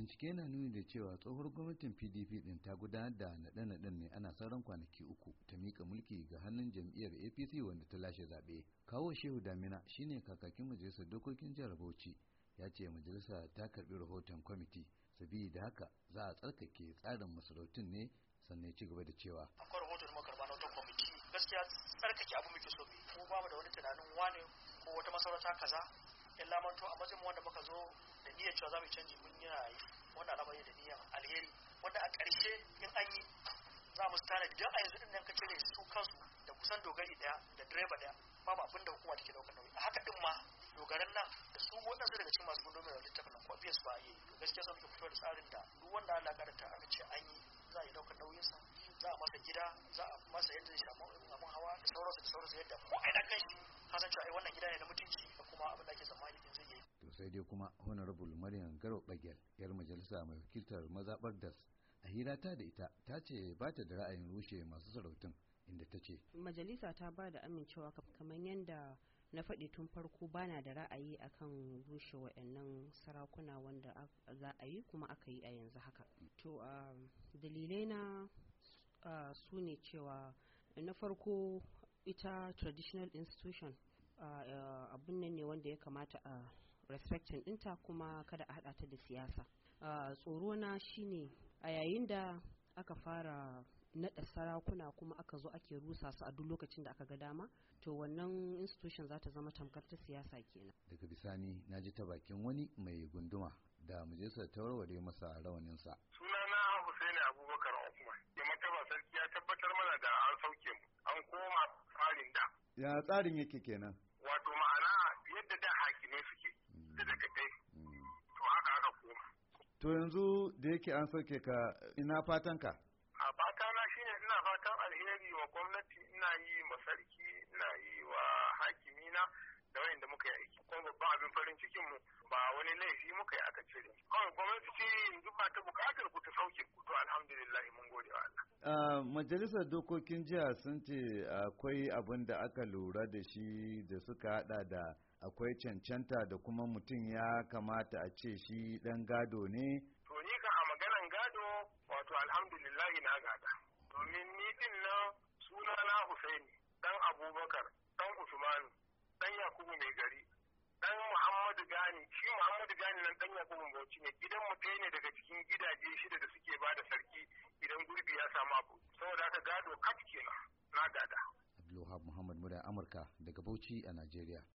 bincike na nuni da cewa tsohuwar gwamnatin pdp din ta gudanar da naɗe-naɗen ne ana sauran kwanaki uku ta miƙa mulki ga hannun jam'iyyar apc wanda ta lashe zaɓe kawo shehu damina shine kakakin majalisar dokokin jihar bauchi ya ce majalisa ta karbi rahoton kwamiti sabili da haka za a tsarkake tsarin masarautun ne sannan ci gaba da cewa akwai rahoton na kwamiti gaskiya tsarkake abu muke so ko ba mu da wani tunanin wane ko wata masarauta kaza in lamanto a matsayin wanda muka zo da niyyar cewa za mu canji mun yi rayu wanda al'amari da niyyar alheri wanda a ƙarshe in an yi za mu tana idan a yanzu ka cire su kansu da kusan dogari daya da direba daya babu abin da hukuma take daukar nauyi a haka ma dogaran nan da su daga cikin masu gudunar da littafin nan kwafiyas ba yi to gaskiya sun fito da tsarin da duk wanda karanta aka ce an yi za a yi daukar nauyinsa za a masa gida za a masa yadda zai abin hawa da sauransu da sauransu yadda a yi kan shi wannan gida ne na mutunci abin da tsammani zai yi to sai dai kuma honorable Maryam Garo Bagel yar majalisa mai wakiltar mazabar das a hira ta da ita ta ce ba ta da ra'ayin rushe masu sarautun inda ta ce majalisa ta ba da amincewa kamar yadda na faɗi tun farko bana da ra'ayi akan rushe waɗannan sarakuna wanda za a yi kuma aka yi a yanzu haka to a dalilai na su ne cewa na farko ita traditional institution Abin nan ne wanda ya kamata a respectin dinta kuma kada a hada ta da siyasa tsoro na shine a yayin da aka fara naɗa sarakuna kuma aka zo ake rusa su a duk lokacin da aka ga dama to wannan institution za ta zama tamkar ta siyasa kenan daga bisani na ji ta bakin wani mai gunduma da majalisar ta warware masa rawaninsa sunana Hussein Abubakar Umar da mataba sarki ya tabbatar mana da an sauke mu an koma tsarin da ya tsarin yake kenan ma'ana yadda da hakimai suke mm. da daga kai mm. to haka aka koma to yanzu da yake an sauke ka ina fatan ka a fata na shine ina fatan alheri wa gwamnati ina yi wa sarki ina yi wa hakimi na da wayanda muka yi aiki kuma babban abin farin cikin mu ba wani laifi muka yi aka cire kawai gwamnati ce yanzu ba ta bukatar ku ta sauke majalisar dokokin jiha sun ce akwai abin da aka lura da shi da suka hada da akwai cancanta da kuma mutum ya kamata a ce shi dan gado ne to ni ka a maganan gado wato alhamdulillah na gada domin ni din nan suna na Husaini dan Abubakar dan Usmanu dan Yakubu mai gari dan Muhammadu Gani shi Muhammadu Gani nan dan Yakubu Bauchi ne gidan mutane ne daga cikin gidaje shida da suke bada sarki idan gurbi ya samu abu saboda haka gado kaf kenan na gada Abdulwahab Muhammad Muda Amurka daga Bauchi a Najeriya